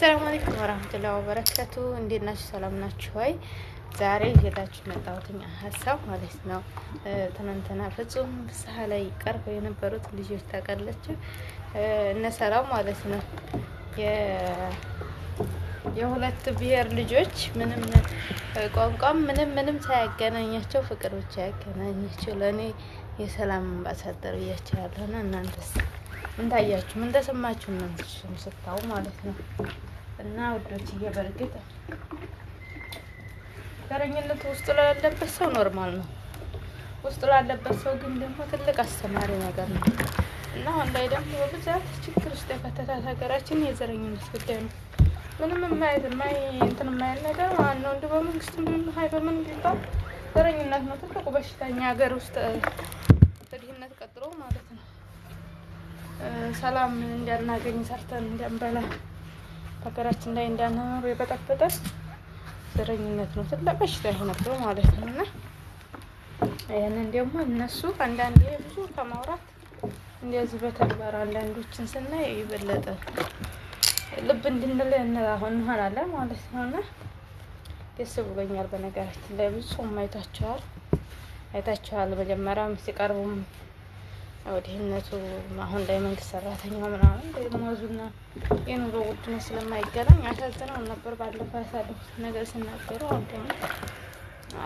አሰላሙ አለይኩም ወራህመቱላሂ ወበረካቱ። እንዴት ናችሁ? ሰላም ናችሁ ወይ? ዛሬ ይዤላችሁ የመጣሁት ሀሳብ ማለት ነው ትናንትና ፍጹም ፍስሀ ላይ ቀርበው የነበሩት ልጆች ታውቃላችሁ፣ እነ ማለት ነው የሁለት ብሔር ልጆች ምንም ቋንቋም ምንም ምንም ሳያገናኛቸው ፍቅር ብቻ ያገናኛቸው። ለእኔ የሰላም አምባሳደር ብያቸዋለሁ እና እናንተስ እንዳያችሁም እንደሰማችሁም ነው ስታው ማለት ነው። እና ውዶች በእርግጥ ዘረኝነት ውስጥ ላለበት ሰው ኖርማል ነው። ውስጥ ላለበት ሰው ግን ደግሞ ትልቅ አስተማሪ ነገር ነው እና አሁን ላይ ደግሞ በብዛት ችግር ውስጥ የከተታት ሀገራችን የዘረኝነት ጉዳይ ነው። ምንም እንትን የማይል ነገር ዋና እንዲ በመንግስት ሀይ በምን ቢባል ዘረኝነት ነው ትልቁ በሽተኛ ሀገር ውስጥ ሰላም እንዳናገኝ ሰርተን እንዳንበላ ሀገራችን ላይ እንዳንኖር የበጠበጠ ዘረኝነት ነው። ትልቅ በሽታ የነበረው ማለት ነው። እና ይህንን ደግሞ እነሱ አንዳንዴ ብዙ ከማውራት እንደዚህ በተግባር አንዳንዶችን ስናይ የበለጠ ልብ እንድንል እንሆናለን ማለት ነው። እና ደስ ብሎኛል። በነገራችን ላይ ብዙ ሰውም አይታችኋል አይታችኋል መጀመሪያም ሲቀርቡም ድህነቱ አሁን ላይ መንግስት ሰራተኛው ምናምን ደሞዙና የኑሮ ውድነት ስለማይገናኝ አሳዝነው ነበር። ባለፈው ያሳለፉት ነገር ስናገሩ አሁን ደግሞ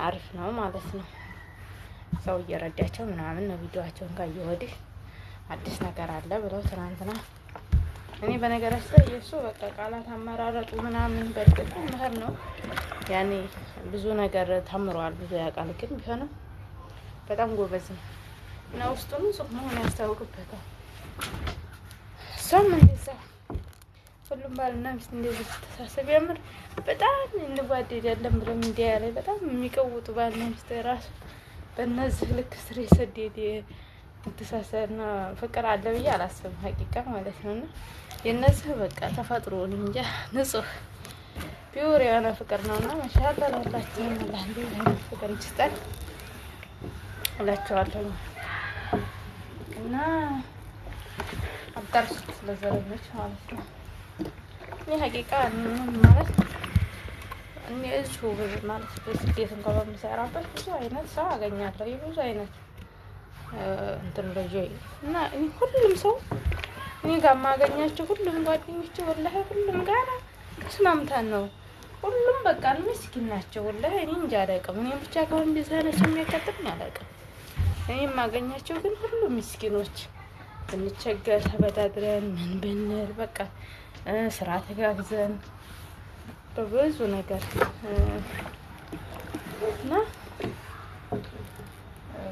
አሪፍ ነው ማለት ነው። ሰው እየረዳቸው ምናምን ነው። ቪዲዮቸውን ካየ ወዲህ አዲስ ነገር አለ ብለው ትናንትና እኔ በነገራችን ላይ የእሱ በቃ ቃላት አመራረጡ ምናምን በእርግጥ ምህር ነው ያኔ ብዙ ነገር ተምሯል፣ ብዙ ያውቃል። ግን ቢሆንም በጣም ጎበዝ ነው። እና ውስጡም ሱቅ መሆን ያስታውቅበታል። እሷም እንደዛ ሁሉም ባልና ሚስት እንደዚህ ስተሳሰብ ያምር በጣም እንዋደዳለን ብሎ ሚዲያ ላይ በጣም የሚቀውጡ ባልና ሚስት ራሱ በእነዚህ ልክ ስር የሰደደ መተሳሰርና ፍቅር አለ ብዬ አላስብም። ሀቂቃ ማለት ነው እና የእነዚህ በቃ ተፈጥሮ እንጃ ንጹህ ቢውር የሆነ ፍቅር ነው እና መሻላ ላላችንም ላ ፍቅር ይችስጠን እላቸዋለሁ። እና አዳርሱት ለዘለሎች ማለት ነው። ይህ ሀቂቃ ማለት እኔ እዚሁ ማለት በስደት እንኳ በምሰራበት ብዙ አይነት ሰው አገኛለሁ። የብዙ አይነት እንትን ልጅ እና ሁሉም ሰው እኔ ጋር ማገኛቸው ሁሉም ጓደኞቼ ወላሂ ሁሉም ጋር ተስማምታን ነው። ሁሉም በቃ ምስኪን ናቸው ወላሂ። እኔ እንጃ አላውቅም። እኔ ብቻ ከሆን ቢዝነስ የሚያቀጥም አላውቅም። እኔ የማገኛቸው ግን ሁሉ ምስኪኖች ብንቸገር ተበዳድረን ምን ብንል በቃ ስራ ተጋግዘን በብዙ ነገር እና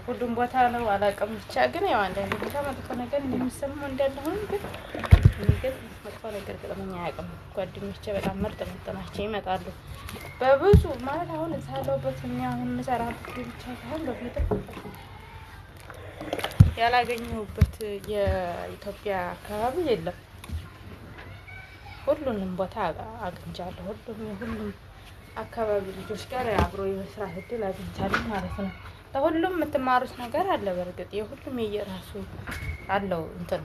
ሁሉም ቦታ ነው አላውቅም። ብቻ ግን ያው አንዳንድ ቦታ መጥፎ ነገር እንደሚሰማው እንዳለሆን ግን ግን መጥፎ ነገር ገጥሞኝ አያውቅም። ጓደኞቼ በጣም ምርጥ ምርጥ ናቸው፣ ይመጣሉ በብዙ ማለት አሁን እዛ ያለሁበት እኔ አሁን የምሰራበት ብቻ ሳይሆን በፊትም ያላገኘሁበት የኢትዮጵያ አካባቢ የለም። ሁሉንም ቦታ አግኝቻለሁ። ሁሉም ሁሉም አካባቢ ልጆች ጋር አብሮ የመስራት እድል አግኝቻለሁ ማለት ነው። ለሁሉም የምትማሩት ነገር አለ። በእርግጥ የሁሉም የየራሱ አለው እንትን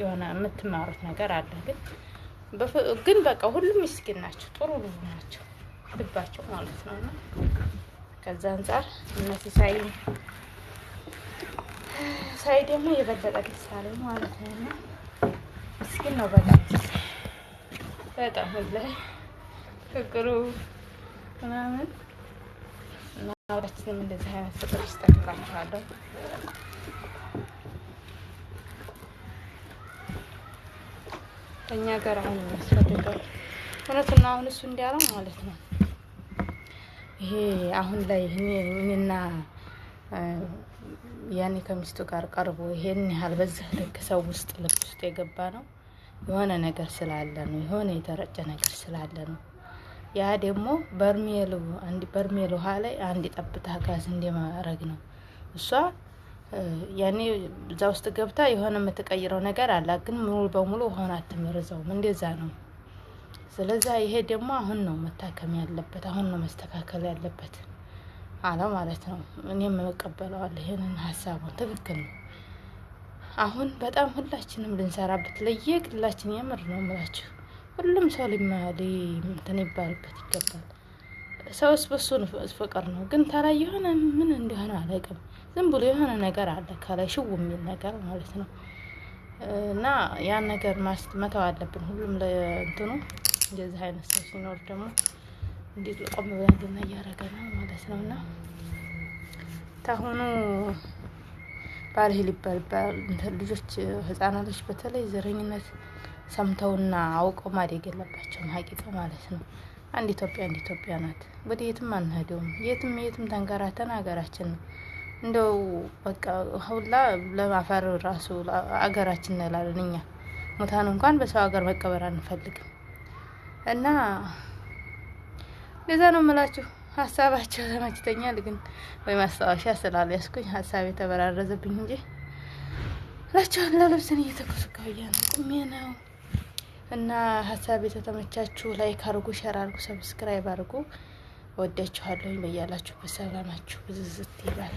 የሆነ የምትማሩት ነገር አለ። ግን ግን በቃ ሁሉም ምስኪን ናቸው፣ ጥሩ ልቡ ናቸው ልባቸው ማለት ነው። ከዛ አንጻር እነ ሲሳይ ሳይ ደግሞ የበለጠ ደስ አለኝ ማለት ነው። እና ምስኪን ነው በጣም በጣም ላይ ፍቅሩ ምናምን እና ሁላችንም እንደዚህ አይነት ፍቅር ይስጠቅላችኋለሁ። እኛ ጋር አሁን የሚያስፈልገው እውነትና አሁን እሱ እንዲያለው ማለት ነው ይሄ አሁን ላይ እኔና ያኔ ከሚስቱ ጋር ቀርቦ ይሄን ያህል በዚህ ልክ ሰው ውስጥ ልብ ውስጥ የገባ ነው። የሆነ ነገር ስላለ ነው። የሆነ የተረጨ ነገር ስላለ ነው። ያ ደግሞ በርሜሉ አንድ በርሜል ውሃ ላይ አንድ ጠብታ ጋዝ እንደማረግ ነው። እሷ ያኔ እዛ ውስጥ ገብታ የሆነ የምትቀይረው ነገር አላ፣ ግን ሙሉ በሙሉ ውሃውን አትመርዘውም። እንደዛ ነው። ስለዛ ይሄ ደግሞ አሁን ነው መታከም ያለበት፣ አሁን ነው መስተካከል ያለበት። አለ ማለት ነው። እኔም እቀበለዋለሁ ይህንን ሀሳቡን ትክክል ነው። አሁን በጣም ሁላችንም ልንሰራበት ለየግላችን የምር ነው የምላችሁ ሁሉም ሰው ሊመሊ እንትን ይባልበት ይገባል። ሰውስ በሱ ፍቅር ነው። ግን ተላይ የሆነ ምን እንደሆነ አለቅም ዝም ብሎ የሆነ ነገር አለ ከላይ ሽው የሚል ነገር ማለት ነው። እና ያን ነገር መተው አለብን ሁሉም ለእንትኑ እንደዚህ አይነት ሰው ሲኖር ደግሞ እንዴት ቆም ብለን ቡና እያደረገ ነው ማለት ነው። እና ታሁኑ ባልህል ባል ልጆች ህጻናቶች በተለይ ዘረኝነት ሰምተውና አውቀው ማደግ የለባቸውም። ሀቂቃ ማለት ነው። አንድ ኢትዮጵያ አንድ ኢትዮጵያ ናት። ወደ የትም አንሄደውም። የትም የትም ተንከራተን ሀገራችን ነው። እንደው በቃ ሁላ ለማፈር ራሱ አገራችን እንላለን እኛ ሙታን እንኳን በሰው ሀገር መቀበር አንፈልግም እና ለዛ ነው የምላችሁ። ሀሳባቸው ተመችቶኛል፣ ግን ወይ ማስታወሻ ስላልያዝኩኝ ሀሳብ የተበራረዘብኝ እንጂ ላቸውን ለልብስን እየተኮስካያ ነው ቁሜ ነው እና ሀሳብ የተተመቻችሁ ላይክ አርጉ፣ ሸር አርጉ፣ ሰብስክራይብ አርጉ። ወዳችኋለሁኝ። በያላችሁበት ሰላማችሁ ብዝዝት ይባል።